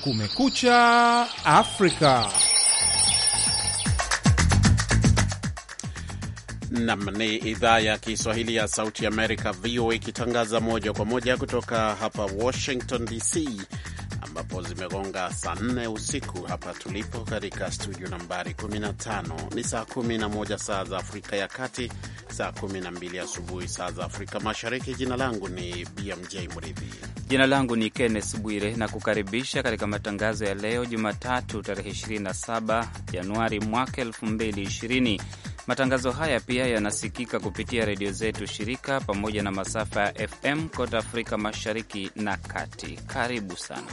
Kumekucha Afrika. Nam ni idhaa ya Kiswahili ya Sauti Amerika, VOA, ikitangaza moja kwa moja kutoka hapa Washington DC, ambapo zimegonga saa nne usiku hapa tulipo katika studio nambari 15. Ni saa 11 saa za Afrika ya Kati saa 12 asubuhi saa za Afrika Mashariki. Jina langu ni BMJ Mridhi. Jina langu ni Kenneth Bwire na kukaribisha katika matangazo ya leo Jumatatu, tarehe 27 Januari mwaka 2020. Matangazo haya pia yanasikika kupitia redio zetu shirika pamoja na masafa ya FM kote Afrika Mashariki na Kati. Karibu sana.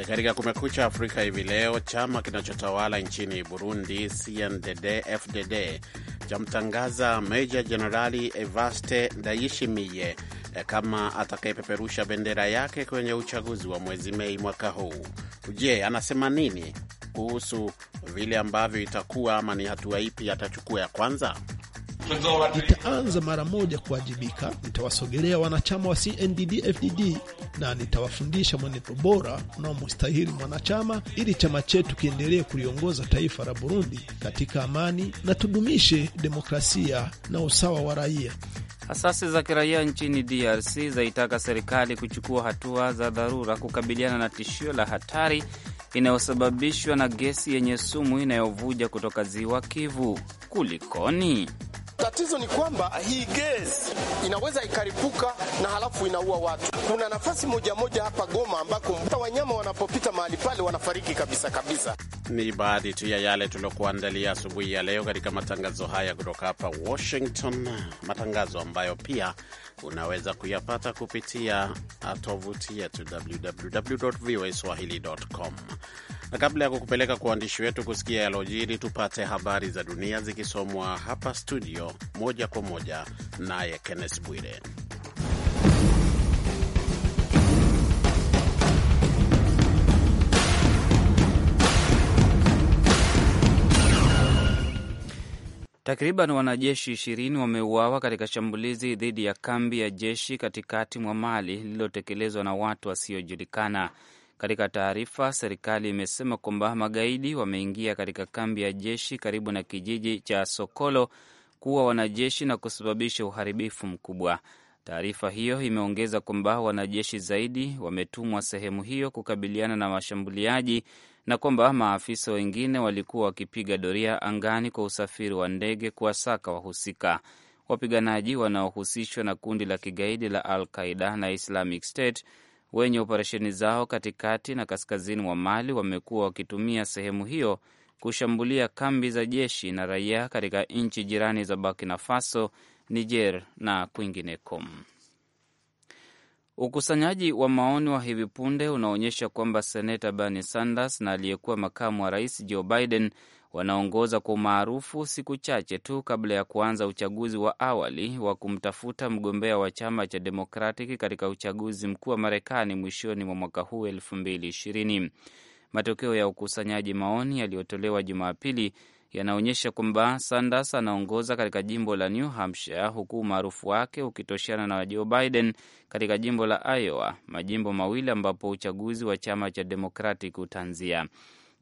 Eh, katika Kumekucha Afrika hivi leo, chama kinachotawala nchini Burundi CNDD-FDD chamtangaza Meja Jenerali Evaste Ndayishimiye eh, kama atakayepeperusha bendera yake kwenye uchaguzi wa mwezi Mei mwaka huu. Je, anasema nini kuhusu vile ambavyo itakuwa ama ni hatua ipi atachukua ya kwanza? Nitaanza mara moja kuwajibika, nitawasogelea wanachama wa CNDD-FDD na nitawafundisha mwenendo bora unaomstahili mwanachama, ili chama chetu kiendelee kuliongoza taifa la Burundi katika amani na tudumishe demokrasia na usawa wa raia. Asasi za kiraia nchini DRC zaitaka serikali kuchukua hatua za dharura kukabiliana na tishio la hatari inayosababishwa na gesi yenye sumu inayovuja kutoka ziwa Kivu. Kulikoni? Tatizo ni kwamba hii gesi inaweza ikaripuka na halafu inaua watu. Kuna nafasi moja moja hapa Goma ambako wanyama wanapopita mahali pale wanafariki kabisa kabisa. Ni baadhi tu ya yale tuliokuandalia asubuhi ya leo katika matangazo haya kutoka hapa Washington, matangazo ambayo pia unaweza kuyapata kupitia tovuti yetu www na kabla ya kukupeleka kwa waandishi wetu kusikia yalojiri, tupate habari za dunia zikisomwa hapa studio moja kwa moja naye Kenneth Bwire. Takriban wanajeshi ishirini wameuawa katika shambulizi dhidi ya kambi ya jeshi katikati mwa Mali lililotekelezwa na watu wasiojulikana. Katika taarifa, serikali imesema kwamba magaidi wameingia katika kambi ya jeshi karibu na kijiji cha Sokolo kuwa wanajeshi na kusababisha uharibifu mkubwa. Taarifa hiyo imeongeza kwamba wanajeshi zaidi wametumwa sehemu hiyo kukabiliana na washambuliaji na kwamba maafisa wengine walikuwa wakipiga doria angani kwa usafiri wa ndege kuwasaka wahusika. Wapiganaji wanaohusishwa na kundi la kigaidi la Al Qaida na Islamic State wenye operesheni zao katikati na kaskazini mwa Mali wamekuwa wakitumia sehemu hiyo kushambulia kambi za jeshi na raia katika nchi jirani za Burkina Faso, Niger na kwingineko. Ukusanyaji wa maoni wa hivi punde unaonyesha kwamba seneta Bernie Sanders na aliyekuwa makamu wa rais Joe Biden wanaongoza kwa umaarufu siku chache tu kabla ya kuanza uchaguzi wa awali wa kumtafuta mgombea wa chama cha Demokratic katika uchaguzi mkuu wa Marekani mwishoni mwa mwaka huu ishirini. Matokeo ya ukusanyaji maoni yaliyotolewa Jumapili yanaonyesha kwamba Sanders anaongoza katika jimbo la New Hampshire huku umaarufu wake ukitoshana na Joe Biden katika jimbo la Iowa, majimbo mawili ambapo uchaguzi wa chama cha Democratic utaanzia.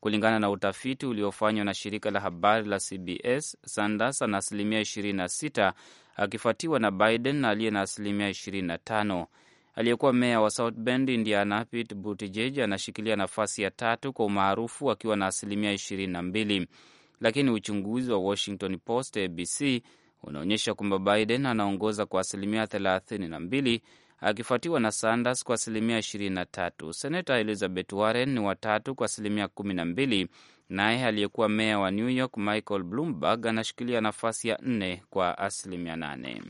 Kulingana na utafiti uliofanywa na shirika la habari la CBS, Sanders ana asilimia 26 akifuatiwa na Biden aliye na asilimia 25. Aliyekuwa meya wa South Bend, Indiana, Pete Buttigieg anashikilia nafasi ya tatu kwa umaarufu akiwa na asilimia 22, lakini uchunguzi wa Washington Post ABC unaonyesha kwamba Biden anaongoza kwa asilimia 32 akifuatiwa na Sanders kwa asilimia 23. senata Elizabeth Warren ni watatu kwa asilimia 12, naye aliyekuwa meya wa New York Michael Bloomberg anashikilia nafasi ya nne kwa asilimia 8.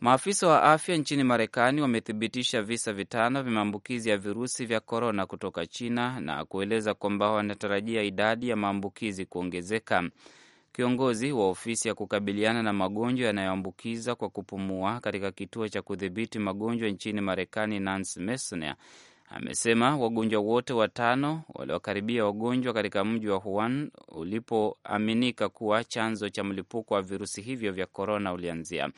Maafisa wa afya nchini Marekani wamethibitisha visa vitano vya maambukizi ya virusi vya korona kutoka China na kueleza kwamba wanatarajia idadi ya maambukizi kuongezeka. Kiongozi wa ofisi ya kukabiliana na magonjwa yanayoambukiza kwa kupumua katika kituo cha kudhibiti magonjwa nchini Marekani, Nancy Messonnier amesema wagonjwa wote watano waliokaribia wagonjwa katika mji wa Wuhan ulipoaminika kuwa chanzo cha mlipuko wa virusi hivyo vya korona ulianzia.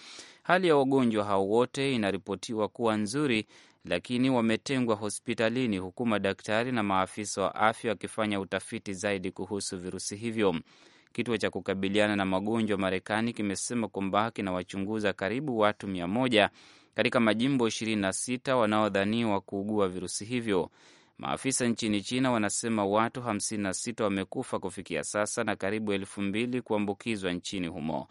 Hali ya wagonjwa hao wote inaripotiwa kuwa nzuri, lakini wametengwa hospitalini, huku madaktari na maafisa wa afya wakifanya utafiti zaidi kuhusu virusi hivyo. Kituo cha kukabiliana na magonjwa Marekani kimesema kwamba kinawachunguza karibu watu mia moja katika majimbo 26 wanaodhaniwa kuugua virusi hivyo. Maafisa nchini China wanasema watu 56 wamekufa kufikia sasa na karibu elfu mbili kuambukizwa nchini humo.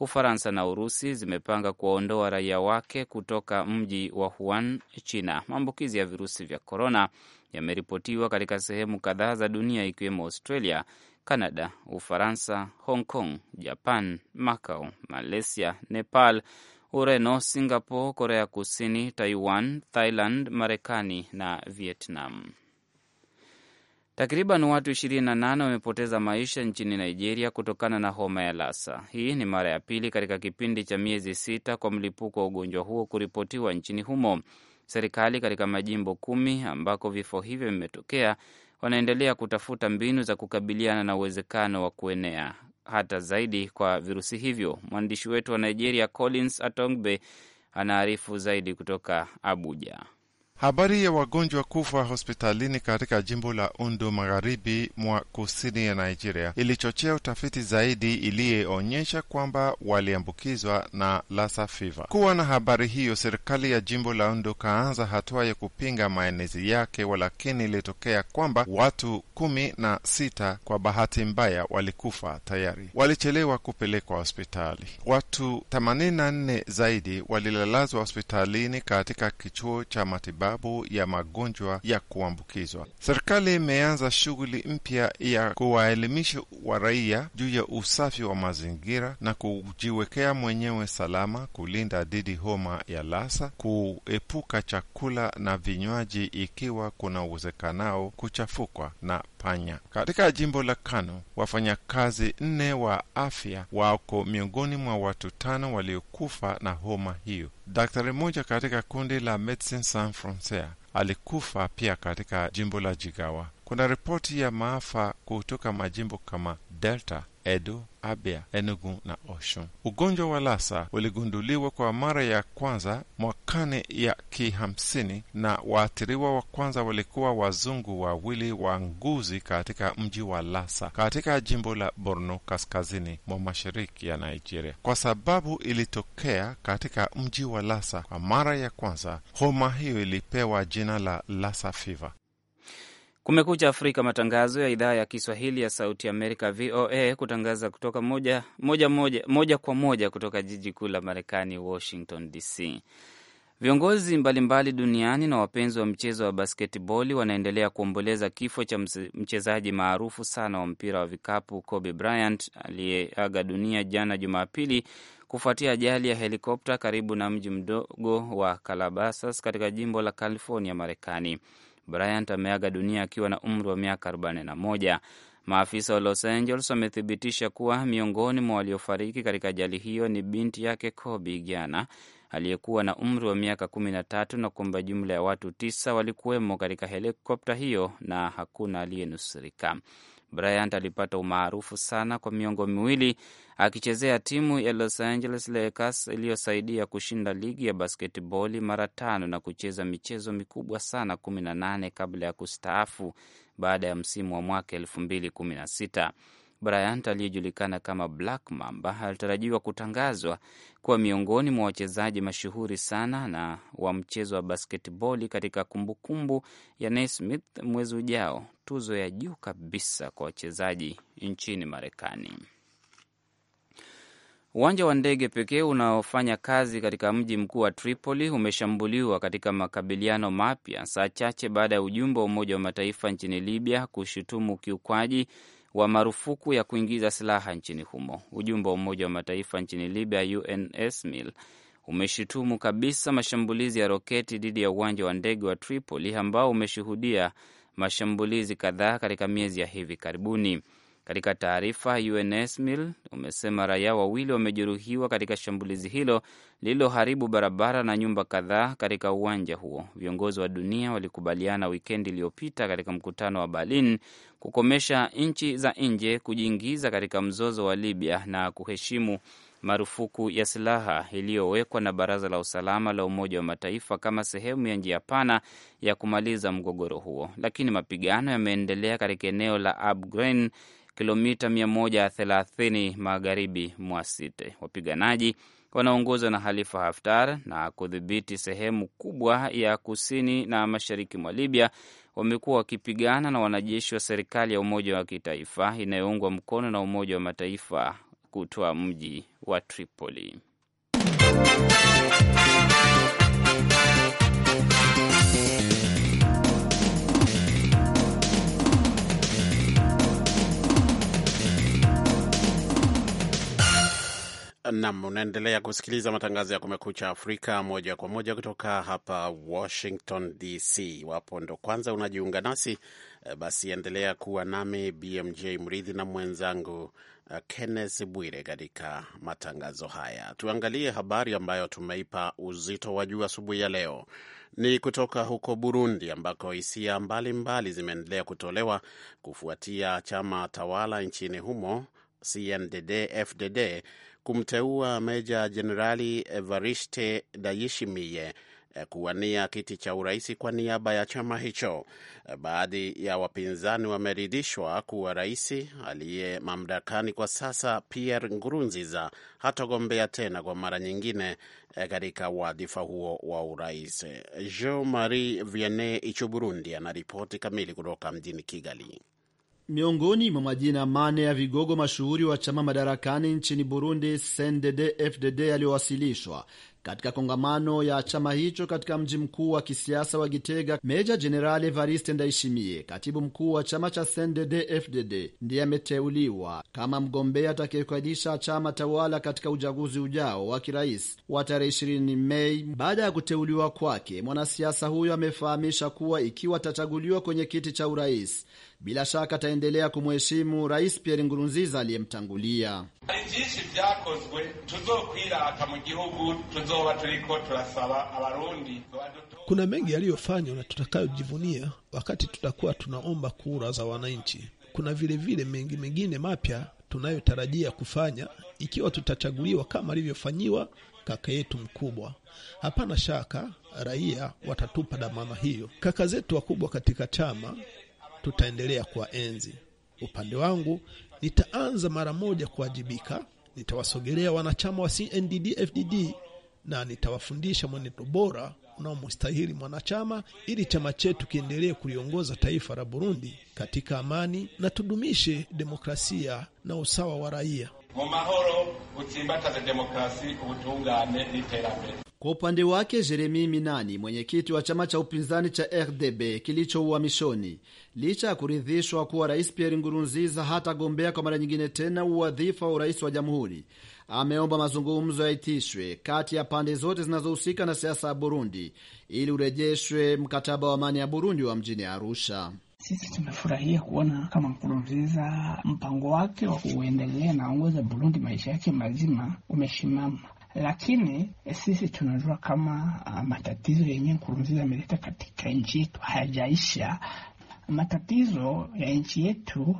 Ufaransa na Urusi zimepanga kuwaondoa raia wake kutoka mji wa Wuhan, China. Maambukizi ya virusi vya korona yameripotiwa katika sehemu kadhaa za dunia ikiwemo Australia Canada, Ufaransa, Hong Kong, Japan, Macau, Malaysia, Nepal, Ureno, Singapore, Korea Kusini, Taiwan, Thailand, Marekani na Vietnam. Takriban watu 28 wamepoteza maisha nchini Nigeria kutokana na homa ya Lassa. Hii ni mara ya pili katika kipindi cha miezi sita kwa mlipuko wa ugonjwa huo kuripotiwa nchini humo. Serikali katika majimbo kumi ambako vifo hivyo vimetokea wanaendelea kutafuta mbinu za kukabiliana na uwezekano wa kuenea hata zaidi kwa virusi hivyo. Mwandishi wetu wa Nigeria Collins Atongbe anaarifu zaidi kutoka Abuja. Habari ya wagonjwa kufa hospitalini katika jimbo la Ondo magharibi mwa kusini ya Nigeria ilichochea utafiti zaidi iliyeonyesha kwamba waliambukizwa na Lassa fever. Kuwa na habari hiyo, serikali ya jimbo la Ondo kaanza hatua ya kupinga maenezi yake, walakini ilitokea kwamba watu kumi na sita kwa bahati mbaya walikufa tayari, walichelewa kupelekwa hospitali. Watu 84 zaidi walilalazwa hospitalini katika kichuo cha matibabu sababu ya magonjwa ya kuambukizwa. Serikali imeanza shughuli mpya ya kuwaelimisha waraia juu ya usafi wa mazingira na kujiwekea mwenyewe salama, kulinda dhidi homa ya lasa kuepuka chakula na vinywaji ikiwa kuna uwezekanao kuchafukwa na panya. Katika jimbo la Kano, wafanyakazi nne wa afya wako miongoni mwa watu tano waliokufa na homa hiyo. Daktari mmoja katika kundi la Medecins Sans Frontieres alikufa pia katika jimbo la Jigawa. Kuna ripoti ya maafa kutoka majimbo kama Delta, Edo, Abia, Enugu na Oshun. Ugonjwa wa lasa uligunduliwa kwa mara ya kwanza mwakani ya kihamsini, na waathiriwa wa kwanza walikuwa wazungu wawili wa nguzi katika mji wa lasa katika jimbo la Borno kaskazini mwa mashariki ya Nigeria. Kwa sababu ilitokea katika mji wa lasa kwa mara ya kwanza, homa hiyo ilipewa jina la lasa fiva Kumekucha Afrika, matangazo ya idhaa ya Kiswahili ya Sauti Amerika, VOA, kutangaza kutoka moja, moja, moja, moja kwa moja kutoka jiji kuu la Marekani, Washington DC. Viongozi mbalimbali duniani na wapenzi wa mchezo wa basketboli wanaendelea kuomboleza kifo cha mchezaji maarufu sana wa mpira wa vikapu Kobe Bryant aliyeaga dunia jana Jumapili kufuatia ajali ya helikopta karibu na mji mdogo wa Calabasas katika jimbo la California, Marekani. Bryant ameaga dunia akiwa na umri wa miaka 41. Maafisa wa Los Angeles wamethibitisha kuwa miongoni mwa waliofariki katika ajali hiyo ni binti yake Kobe Gianna aliyekuwa na umri wa miaka 13 na kwamba jumla ya watu tisa walikuwemo katika helikopta hiyo na hakuna aliyenusurika. Bryant alipata umaarufu sana kwa miongo miwili akichezea timu ya Los Angeles Lakers iliyosaidia kushinda ligi ya basketboli mara tano na kucheza michezo mikubwa sana 18 kabla ya kustaafu baada ya msimu wa mwaka 2016. Bryant aliyejulikana kama Black Mamba alitarajiwa kutangazwa kuwa miongoni mwa wachezaji mashuhuri sana na wa mchezo wa basketboli katika kumbukumbu ya Naismith mwezi ujao, tuzo ya juu kabisa kwa wachezaji nchini Marekani. Uwanja wa ndege pekee unaofanya kazi katika mji mkuu wa Tripoli umeshambuliwa katika makabiliano mapya saa chache baada ya ujumbe wa Umoja wa Mataifa nchini Libya kushutumu ukiukwaji wa marufuku ya kuingiza silaha nchini humo. Ujumbe wa Umoja wa Mataifa nchini Libya, UNSMIL, umeshutumu kabisa mashambulizi ya roketi dhidi ya uwanja wa ndege wa Tripoli ambao umeshuhudia mashambulizi kadhaa katika miezi ya hivi karibuni. Katika taarifa, UNSMIL umesema raia wawili wamejeruhiwa katika shambulizi hilo lililoharibu barabara na nyumba kadhaa katika uwanja huo. Viongozi wa dunia walikubaliana wikendi iliyopita katika mkutano wa Berlin kukomesha nchi za nje kujiingiza katika mzozo wa Libya na kuheshimu marufuku ya silaha iliyowekwa na Baraza la Usalama la Umoja wa Mataifa kama sehemu ya njia pana ya kumaliza mgogoro huo, lakini mapigano yameendelea katika eneo la Abu Ghraib kilomita 130 magharibi mwa Site. Wapiganaji wanaongozwa na Halifa Haftar na kudhibiti sehemu kubwa ya kusini na mashariki mwa Libya wamekuwa wakipigana na wanajeshi wa serikali ya umoja wa kitaifa inayoungwa mkono na Umoja wa Mataifa kutoa mji wa Tripoli. Nam, unaendelea kusikiliza matangazo ya Kumekucha Afrika moja kwa moja kutoka hapa Washington DC. Wapo ndo kwanza unajiunga nasi, eh, basi endelea kuwa nami BMJ Mridhi na mwenzangu eh, Kenneth Bwire katika matangazo haya. Tuangalie habari ambayo tumeipa uzito wa juu asubuhi ya leo ni kutoka huko Burundi ambako hisia mbalimbali zimeendelea kutolewa kufuatia chama tawala nchini humo CNDD FDD kumteua Meja Jenerali Evariste Dayishimiye eh, kuwania kiti cha urais kwa niaba ya chama hicho. Eh, baadhi ya wapinzani wameridhishwa kuwa rais aliye mamlakani kwa sasa Pierre ngurunziza hatogombea tena kwa mara nyingine eh, katika wadhifa huo wa urais. Jean Marie Vianney Ichu, Burundi, anaripoti kamili kutoka mjini Kigali. Miongoni mwa majina mane ya vigogo mashuhuri wa chama madarakani nchini Burundi CNDD-FDD yaliyowasilishwa katika kongamano ya chama hicho katika mji mkuu wa kisiasa wa Gitega, Meja Jenerali Evariste Ndayishimiye, katibu mkuu wa chama cha CNDD-FDD, ndiye ameteuliwa kama mgombea atakayekalisha chama tawala katika uchaguzi ujao wa kirais wa tarehe 20 Mei. Baada ya kuteuliwa kwake, mwanasiasa huyo amefahamisha kuwa ikiwa atachaguliwa kwenye kiti cha urais bila shaka ataendelea kumheshimu Rais Pierre Nkurunziza aliyemtangulia. hari byinshi tuzokwirata mu gihugu tuzoba turiko turasaba abarundi. Kuna mengi yaliyofanywa na tutakayojivunia wakati tutakuwa tunaomba kura za wananchi. Kuna vilevile mengi mengine mapya tunayotarajia kufanya ikiwa tutachaguliwa, kama alivyofanyiwa kaka yetu mkubwa. Hapana shaka raia watatupa damana hiyo. Kaka zetu wakubwa katika chama tutaendelea kwa enzi. Upande wangu nitaanza mara moja kuwajibika, nitawasogelea wanachama wa CNDD-FDD na nitawafundisha mwenendo bora unaomstahili mwanachama ili chama chetu kiendelee kuliongoza taifa la Burundi katika amani na tudumishe demokrasia na usawa wa raia mu mahoro utsimbataze demokrasi ubutungane n'iterambere kwa upande wake Jeremi Minani, mwenyekiti wa chama cha upinzani cha RDB kilicho uhamishoni, licha ya kuridhishwa kuwa Rais Pierre Ngurunziza hatagombea kwa mara nyingine tena uwadhifa wa urais wa jamhuri, ameomba mazungumzo yaitishwe kati ya pande zote zinazohusika na siasa ya Burundi ili urejeshwe mkataba wa amani ya Burundi wa mjini Arusha. Sisi tumefurahia kuona kama Nkurunziza mpango wake wa kuendelea naongoza Burundi maisha yake mazima umesimama, lakini eh, sisi tunajua kama uh, matatizo yenyewe Nkurunziza ameleta katika nchi yetu hayajaisha. Matatizo ya nchi yetu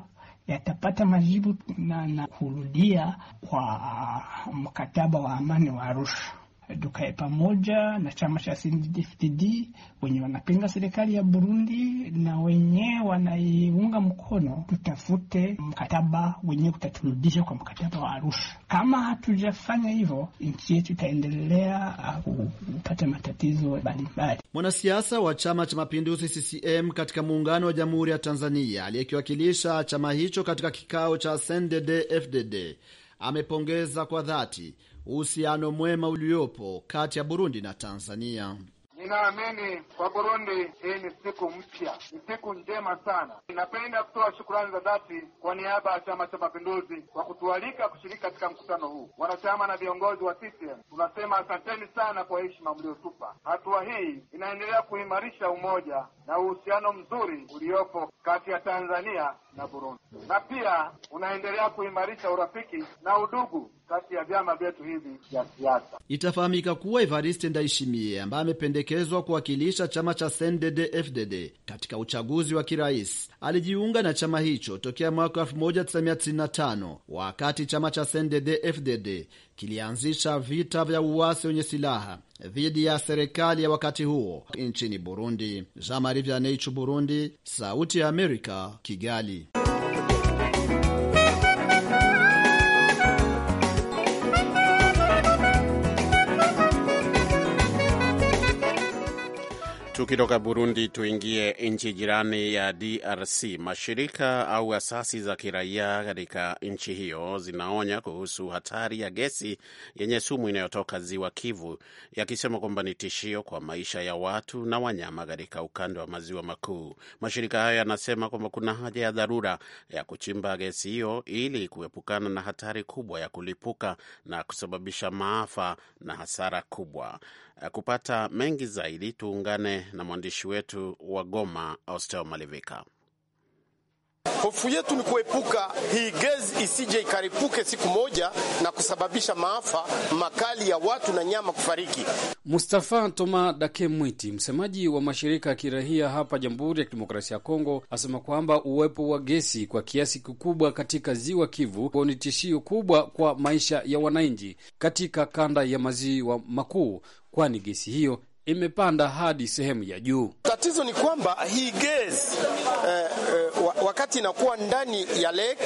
yatapata majibu na, na kurudia kwa ah, mkataba wa amani wa Arusha tukae pamoja na chama cha CNDD-FDD wenye wanapinga serikali ya Burundi na wenye wanaiunga mkono, tutafute mkataba wenyewe kutaturudisha kwa mkataba wa Arusha. Kama hatujafanya hivyo, nchi yetu itaendelea ah, kupata matatizo mbalimbali. Mwanasiasa wa Chama cha Mapinduzi CCM katika Muungano wa Jamhuri ya Tanzania aliyekiwakilisha chama hicho katika kikao cha CNDD-FDD amepongeza kwa dhati uhusiano mwema uliopo kati ya Burundi na Tanzania. Ninaamini kwa Burundi hii ni siku mpya, ni siku njema sana. inapenda kutoa shukurani za dhati kwa niaba ya Chama cha Mapinduzi kwa kutualika kushiriki katika mkutano huu. Wanachama na viongozi wa CCM tunasema asanteni sana kwa heshima mliotupa. Hatua hii inaendelea kuimarisha umoja na uhusiano mzuri uliopo kati ya Tanzania na Burundi, na pia unaendelea kuimarisha urafiki na udugu kati ya vyama vyetu hivi vya siasa. Itafahamika kuwa Evariste Ndayishimiye ambaye amependekezwa kuwakilisha chama cha CNDD-FDD katika uchaguzi wa kirais alijiunga na chama hicho tokea mwaka 1995 wakati chama cha CNDD-FDD kilianzisha vita vya uasi wenye silaha dhidi ya serikali ya wakati huo nchini Burundi. Jean Marie Vianney, Burundi, Sauti ya Amerika, Kigali. Tukitoka Burundi tuingie nchi jirani ya DRC. Mashirika au asasi za kiraia katika nchi hiyo zinaonya kuhusu hatari ya gesi yenye sumu inayotoka ziwa Kivu, yakisema kwamba ni tishio kwa maisha ya watu na wanyama katika ukanda wa maziwa makuu. Mashirika hayo yanasema kwamba kuna haja ya dharura ya kuchimba gesi hiyo ili kuepukana na hatari kubwa ya kulipuka na kusababisha maafa na hasara kubwa. Eh, kupata mengi zaidi, tuungane na mwandishi wetu wa Goma, Austel Malivika. Hofu yetu ni kuepuka hii gezi isije ikaripuke siku moja na kusababisha maafa makali ya watu na nyama kufariki. Mustafa Toma Dake Mwiti, msemaji wa mashirika ya kirahia hapa Jamhuri ya Kidemokrasia ya Kongo, asema kwamba uwepo wa gesi kwa kiasi kikubwa katika ziwa Kivu ni tishio kubwa kwa maisha ya wananchi katika kanda ya maziwa makuu, kwani gesi hiyo imepanda hadi sehemu ya juu. Tatizo ni kwamba hii gesi eh, eh, wakati inakuwa ndani ya lake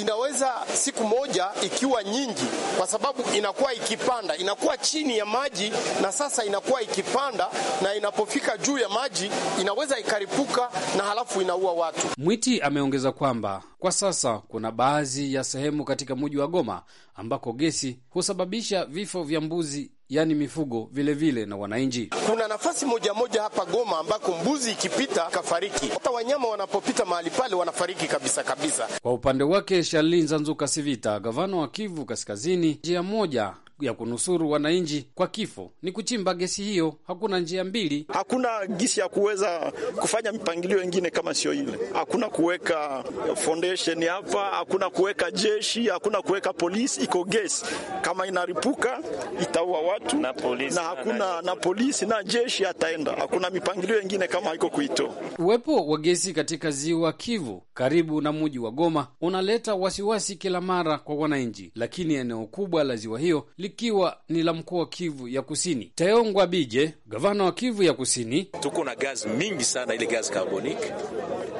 inaweza siku moja ikiwa nyingi, kwa sababu inakuwa ikipanda, inakuwa chini ya maji, na sasa inakuwa ikipanda, na inapofika juu ya maji inaweza ikaripuka na halafu inaua watu. Mwiti ameongeza kwamba kwa sasa kuna baadhi ya sehemu katika mji wa Goma ambako gesi husababisha vifo vya mbuzi yaani mifugo vilevile vile na wananchi. Kuna nafasi moja moja hapa Goma ambako mbuzi ikipita kafariki, hata wanyama wanapopita mahali pale wanafariki kabisa kabisa. Kwa upande wake Shalin Zanzuka Sivita, gavana wa Kivu Kaskazini, njia moja ya kunusuru wananchi kwa kifo ni kuchimba gesi hiyo. Hakuna njia mbili, hakuna gisi ya kuweza kufanya mipangilio ingine kama sio ile. Hakuna kuweka foundation hapa, hakuna kuweka jeshi, hakuna kuweka polisi. Iko gesi kama inaripuka itaua watu na polisi, na hakuna na polisi na jeshi ataenda. Hakuna mipangilio ingine kama iko kuito. Uwepo wa gesi katika ziwa Kivu karibu na mji wa Goma unaleta wasiwasi kila mara kwa wananchi, lakini eneo kubwa la ziwa hiyo likiwa ni la mkoa wa Kivu ya Kusini. Tayongwa Bije, gavana wa Kivu ya Kusini: tuko na gazi mingi sana, ile gazi carbonique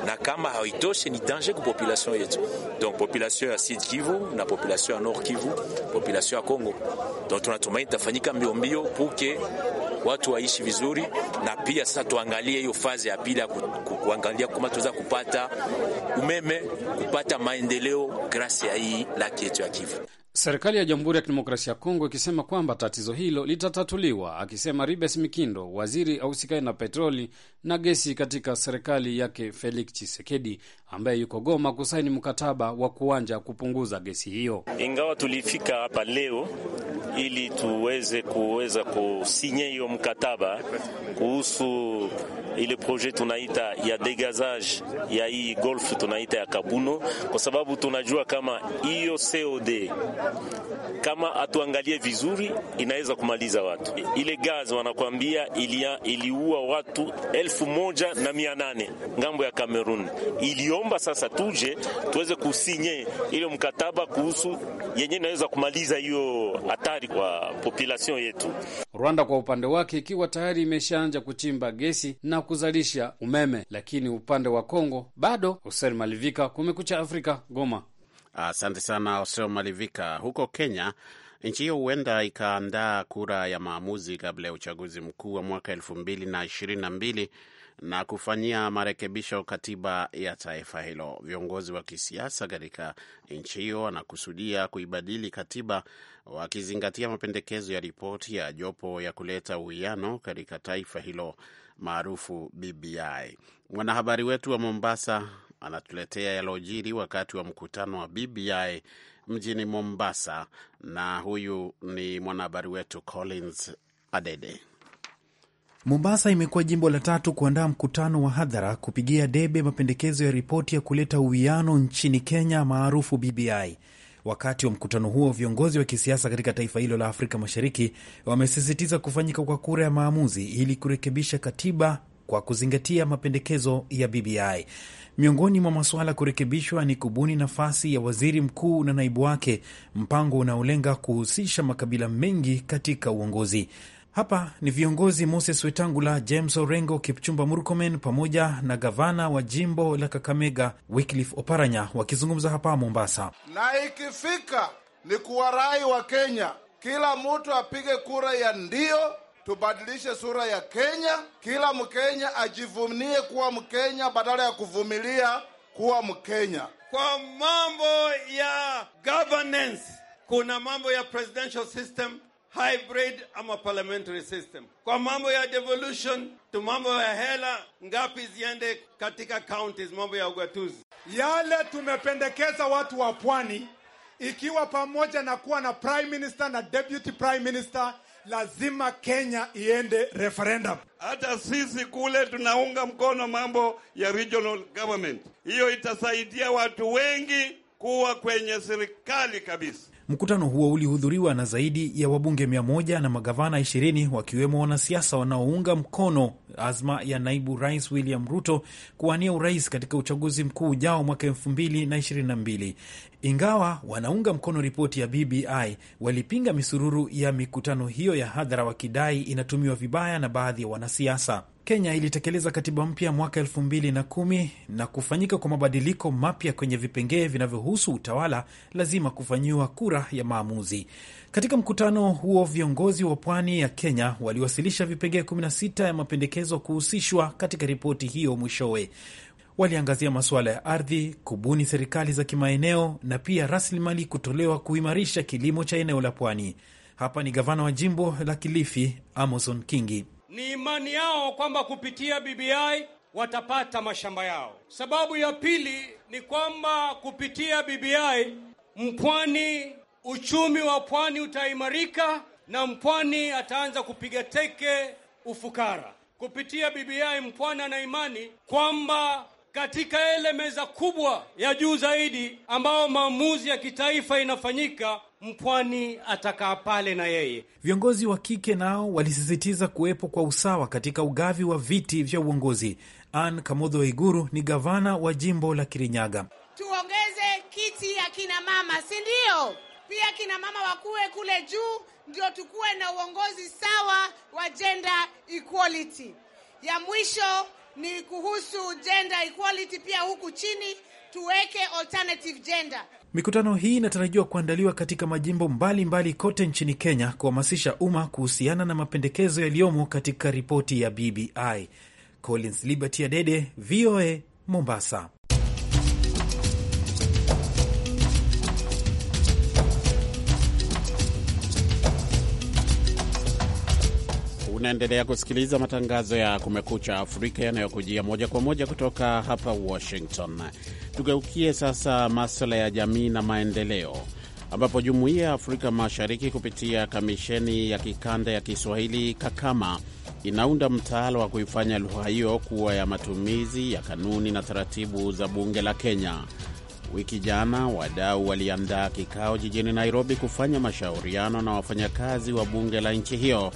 na kama haitoshi ni danger kwa population yetu, donc population ya Sud Kivu na population ya Nord Kivu, population ya Congo. Donc tunatumaini tafanyika mbio mbio puke watu waishi vizuri, na pia sasa tuangalie hiyo fazi ya pili ya kuangalia kama tunaweza kupata umeme, kupata maendeleo grasi ya hii laki yetu ya Kivu. Serikali ya Jamhuri ya Kidemokrasia ya Kongo ikisema kwamba tatizo hilo litatatuliwa, akisema Ribes Mikindo, waziri ahusikaye na petroli na gesi katika serikali yake Felix Chisekedi, ambaye yuko Goma kusaini mkataba wa kuanja kupunguza gesi hiyo. Ingawa tulifika hapa leo ili tuweze kuweza kusinye hiyo mkataba kuhusu ile proje tunaita ya degazage ya hii golf tunaita ya Kabuno, kwa sababu tunajua kama hiyo COD kama atuangalie vizuri inaweza kumaliza watu. Ile gaz wanakwambia iliua watu elfu moja na mia nane ngambo ya Kamerun ilio tunaomba sasa tuje tuweze kusinye ile mkataba kuhusu yenye inaweza kumaliza hiyo hatari kwa population yetu. Rwanda kwa upande wake ikiwa tayari imeshaanza kuchimba gesi na kuzalisha umeme, lakini upande wa Kongo bado. Hussein Malivika, Kumekucha Afrika, Goma. Asante sana Hussein Malivika. Huko Kenya, nchi hiyo huenda ikaandaa kura ya maamuzi kabla ya uchaguzi mkuu wa mwaka elfu mbili na ishirini na mbili na kufanyia marekebisho katiba ya taifa hilo. Viongozi wa kisiasa katika nchi hiyo wanakusudia kuibadili katiba wakizingatia mapendekezo ya ripoti ya jopo ya kuleta uwiano katika taifa hilo maarufu BBI. Mwanahabari wetu wa Mombasa anatuletea yalojiri wakati wa mkutano wa BBI mjini Mombasa, na huyu ni mwanahabari wetu Collins Adede. Mombasa imekuwa jimbo la tatu kuandaa mkutano wa hadhara kupigia debe mapendekezo ya ripoti ya kuleta uwiano nchini Kenya maarufu BBI. Wakati wa mkutano huo, viongozi wa kisiasa katika taifa hilo la Afrika Mashariki wamesisitiza kufanyika kwa kura ya maamuzi ili kurekebisha katiba kwa kuzingatia mapendekezo ya BBI. Miongoni mwa masuala kurekebishwa ni kubuni nafasi ya waziri mkuu na naibu wake, mpango unaolenga kuhusisha makabila mengi katika uongozi. Hapa ni viongozi Moses Wetangula, James Orengo, Kipchumba Murkomen pamoja na gavana wa jimbo la Kakamega Wycliffe Oparanya wakizungumza hapa Mombasa. Na ikifika ni kuwarai wa Kenya, kila mtu apige kura ya ndio, tubadilishe sura ya Kenya. Kila Mkenya ajivunie kuwa Mkenya badala ya kuvumilia kuwa Mkenya. Kwa mambo ya governance, kuna mambo ya presidential system hybrid ama parliamentary system. Kwa mambo ya devolution tu, mambo ya hela ngapi ziende katika counties, mambo ya ugatuzi yale tumependekeza watu wa pwani, ikiwa pamoja na kuwa na prime minister na deputy prime minister, lazima Kenya iende referendum. Hata sisi kule tunaunga mkono mambo ya regional government, hiyo itasaidia watu wengi kuwa kwenye serikali kabisa. Mkutano huo ulihudhuriwa na zaidi ya wabunge mia moja na magavana ishirini wakiwemo wanasiasa wanaounga mkono azma ya naibu rais William Ruto kuwania urais katika uchaguzi mkuu ujao mwaka elfu mbili na ishirini na mbili. Ingawa wanaunga mkono ripoti ya BBI, walipinga misururu ya mikutano hiyo ya hadhara wakidai inatumiwa vibaya na baadhi ya wanasiasa. Kenya ilitekeleza katiba mpya mwaka elfu mbili na kumi na kufanyika kwa mabadiliko mapya kwenye vipengee vinavyohusu utawala lazima kufanyiwa kura ya maamuzi. Katika mkutano huo, viongozi wa pwani ya Kenya waliwasilisha vipengee 16 ya mapendekezo kuhusishwa katika ripoti hiyo. Mwishowe waliangazia masuala ya ardhi, kubuni serikali za kimaeneo na pia rasilimali kutolewa kuimarisha kilimo cha eneo la pwani. Hapa ni gavana wa jimbo la Kilifi, Amazon Kingi. Ni imani yao kwamba kupitia BBI watapata mashamba yao. Sababu ya pili ni kwamba kupitia BBI mpwani, uchumi wa pwani utaimarika na mpwani ataanza kupiga teke ufukara. Kupitia BBI mpwani ana imani kwamba katika ile meza kubwa ya juu zaidi ambao maamuzi ya kitaifa inafanyika, mpwani atakaa pale na yeye. Viongozi wa kike nao walisisitiza kuwepo kwa usawa katika ugavi wa viti vya uongozi. Ann Kamodho Iguru ni gavana wa jimbo la Kirinyaga. Tuongeze kiti ya kina mama, si ndio? Pia kina mama wakuwe kule juu, ndio tukuwe na uongozi sawa wa gender equality. Ya mwisho ni kuhusu gender equality, pia huku chini tuweke alternative gender Mikutano hii inatarajiwa kuandaliwa katika majimbo mbalimbali mbali kote nchini Kenya kuhamasisha umma kuhusiana na mapendekezo yaliyomo katika ripoti ya BBI. Collins Liberty Adede, VOA Mombasa. Unaendelea kusikiliza matangazo ya Kumekucha Afrika yanayokujia moja kwa moja kutoka hapa Washington. Tugeukie sasa maswala ya jamii na maendeleo ambapo jumuiya ya Afrika Mashariki kupitia kamisheni ya kikanda ya Kiswahili Kakama inaunda mtaala wa kuifanya lugha hiyo kuwa ya matumizi ya kanuni na taratibu za bunge la Kenya. Wiki jana wadau waliandaa kikao jijini Nairobi kufanya mashauriano na wafanyakazi wa bunge la nchi hiyo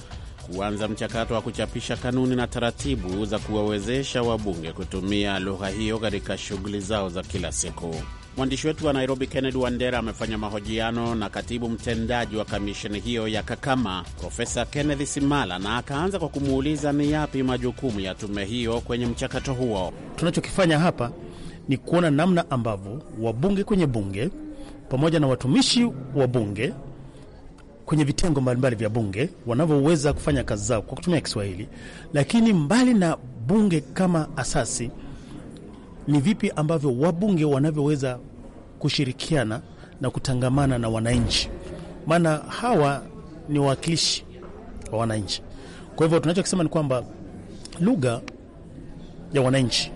kuanza mchakato wa kuchapisha kanuni na taratibu za kuwawezesha wabunge kutumia lugha hiyo katika shughuli zao za kila siku. Mwandishi wetu wa Nairobi, Kennedy Wandera, amefanya mahojiano na katibu mtendaji wa kamisheni hiyo ya Kakama, Profesa Kenneth Simala, na akaanza kwa kumuuliza ni yapi majukumu ya tume hiyo kwenye mchakato huo. Tunachokifanya hapa ni kuona namna ambavyo wabunge kwenye bunge pamoja na watumishi wa bunge kwenye vitengo mbalimbali vya bunge wanavyoweza kufanya kazi zao kwa kutumia Kiswahili. Lakini mbali na bunge kama asasi, ni vipi ambavyo wabunge wanavyoweza kushirikiana na kutangamana na wananchi, maana hawa ni wawakilishi wa wananchi. Kwa hivyo tunachokisema ni kwamba lugha ya wananchi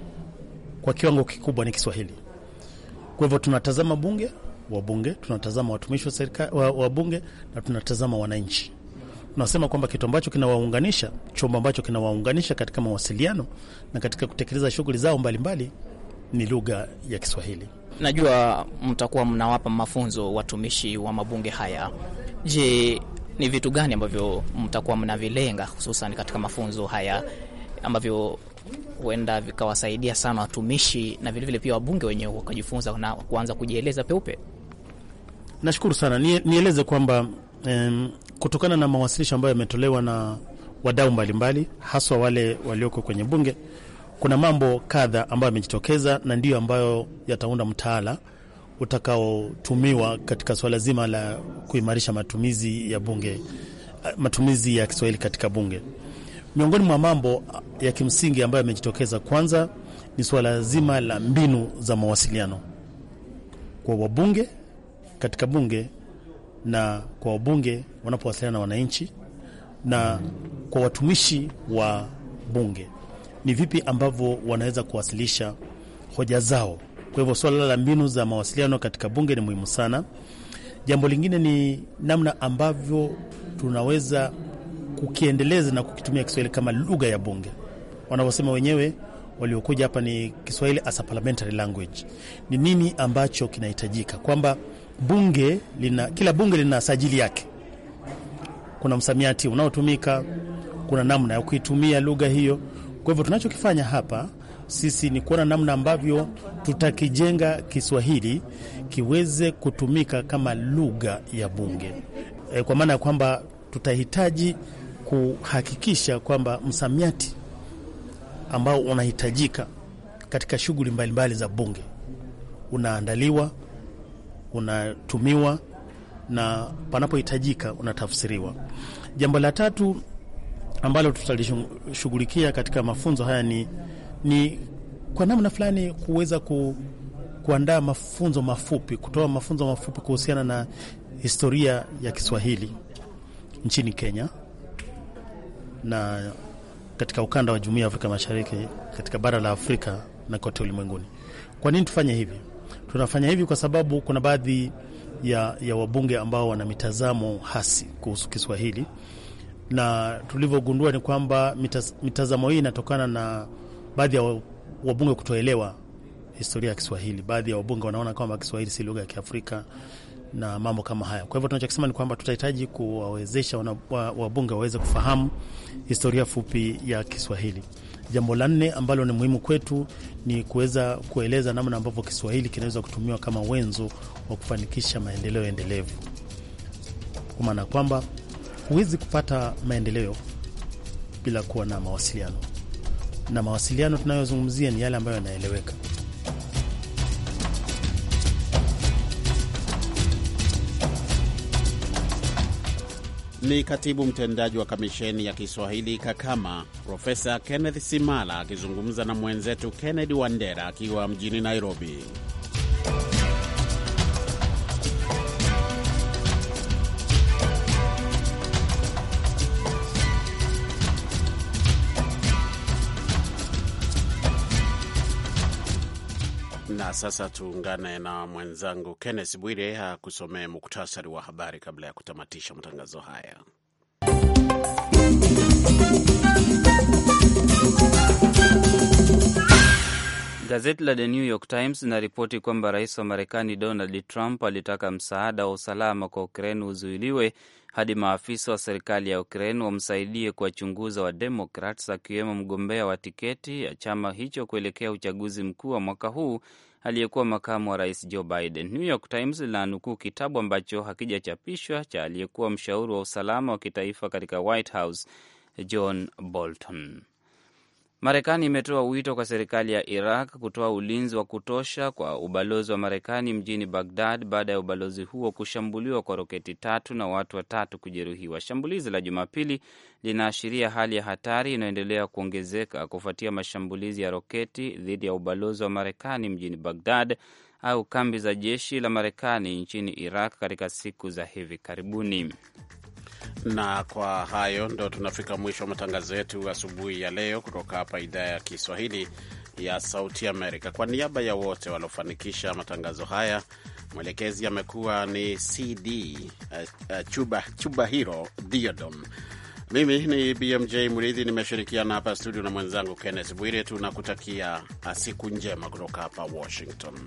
kwa kiwango kikubwa ni Kiswahili. Kwa hivyo tunatazama bunge wabunge, tunatazama watumishi wa serikali bunge na tunatazama wananchi. Tunasema kwamba kitu ambacho kinawaunganisha, chombo ambacho kinawaunganisha katika mawasiliano na katika kutekeleza shughuli zao mbalimbali ni lugha ya Kiswahili. Najua mtakuwa mnawapa mafunzo watumishi wa mabunge haya. Je, ni vitu gani ambavyo mtakuwa mnavilenga hususan katika mafunzo haya ambavyo huenda vikawasaidia sana watumishi na vilevile pia wabunge wenyewe wakajifunza na kuanza kujieleza peupe? Nashukuru sana. Nieleze kwamba um, kutokana na mawasilisho ambayo yametolewa na wadau mbalimbali, haswa wale walioko kwenye bunge, kuna mambo kadha ambayo yamejitokeza na ndiyo ambayo yataunda mtaala utakaotumiwa katika suala zima la kuimarisha matumizi ya bunge, matumizi ya Kiswahili katika bunge. Miongoni mwa mambo ya kimsingi ambayo yamejitokeza, kwanza ni suala zima la mbinu za mawasiliano kwa wabunge katika bunge na kwa wabunge wanapowasiliana na wananchi na kwa watumishi wa bunge, ni vipi ambavyo wanaweza kuwasilisha hoja zao. Kwa hivyo suala la mbinu za mawasiliano katika bunge ni muhimu sana. Jambo lingine ni namna ambavyo tunaweza kukiendeleza na kukitumia Kiswahili kama lugha ya bunge. Wanavyosema wenyewe waliokuja hapa ni Kiswahili as a parliamentary language. Ni nini ambacho kinahitajika kwamba bunge lina, kila bunge lina sajili yake. Kuna msamiati unaotumika, kuna namna ya kuitumia lugha hiyo. Kwa hivyo tunachokifanya hapa sisi ni kuona namna ambavyo tutakijenga Kiswahili kiweze kutumika kama lugha ya bunge e, kwa maana ya kwamba tutahitaji kuhakikisha kwamba msamiati ambao unahitajika katika shughuli mbalimbali za bunge unaandaliwa unatumiwa na panapohitajika unatafsiriwa. Jambo la tatu ambalo tutalishughulikia katika mafunzo haya ni, ni kwa namna fulani kuweza ku, kuandaa mafunzo mafupi, kutoa mafunzo mafupi kuhusiana na historia ya Kiswahili nchini Kenya na katika ukanda wa Jumuiya ya Afrika Mashariki, katika bara la Afrika na kote ulimwenguni. Kwa nini tufanye hivi? Tunafanya hivi kwa sababu kuna baadhi ya, ya wabunge ambao wana mitazamo hasi kuhusu Kiswahili na tulivyogundua ni kwamba mitaz, mitazamo hii inatokana na baadhi ya wabunge kutoelewa historia ya Kiswahili. Baadhi ya wabunge wanaona kwamba Kiswahili si lugha ya Kiafrika, na mambo kama haya. Kwa hivyo tunachokisema ni kwamba tutahitaji kuwawezesha wabunge waweze kufahamu historia fupi ya Kiswahili. Jambo la nne ambalo ni muhimu kwetu ni kuweza kueleza namna ambavyo Kiswahili kinaweza kutumiwa kama wenzo wa kufanikisha maendeleo endelevu, kwa maana kwamba huwezi kupata maendeleo bila kuwa na mawasiliano, na mawasiliano tunayozungumzia ni yale ambayo yanaeleweka. ni katibu mtendaji wa kamisheni ya Kiswahili Kakama, Profesa Kenneth Simala akizungumza na mwenzetu Kennedy Wandera akiwa mjini Nairobi. Na sasa tuungane na mwenzangu Kenneth Bwire akusomee muktasari wa habari kabla ya kutamatisha matangazo haya. Gazeti la The New York Times linaripoti kwamba rais wa Marekani Donald Trump alitaka msaada wa usalama kwa Ukraine uzuiliwe hadi maafisa wa serikali ya Ukraine wamsaidie kuwachunguza Wademokrats, akiwemo mgombea wa tiketi ya chama hicho kuelekea uchaguzi mkuu wa mwaka huu aliyekuwa makamu wa rais Joe Biden. New York Times linanukuu kitabu ambacho hakijachapishwa cha aliyekuwa mshauri wa usalama wa kitaifa katika White House John Bolton. Marekani imetoa wito kwa serikali ya Iraq kutoa ulinzi wa kutosha kwa ubalozi wa Marekani mjini Bagdad baada ya ubalozi huo kushambuliwa kwa roketi tatu na watu watatu kujeruhiwa. Shambulizi la Jumapili linaashiria hali ya hatari inayoendelea kuongezeka kufuatia mashambulizi ya roketi dhidi ya ubalozi wa Marekani mjini Bagdad au kambi za jeshi la Marekani nchini Iraq katika siku za hivi karibuni. Na kwa hayo ndo tunafika mwisho wa matangazo yetu asubuhi ya leo kutoka hapa idhaa ya Kiswahili ya Sauti Amerika. Kwa niaba ya wote waliofanikisha matangazo haya, mwelekezi amekuwa ni CD eh, eh, Chuba, Chuba Hiro Diodom. Mimi ni BMJ mridhi nimeshirikiana hapa studio na mwenzangu Kenneth Bwire. Tunakutakia ah, siku njema kutoka hapa Washington.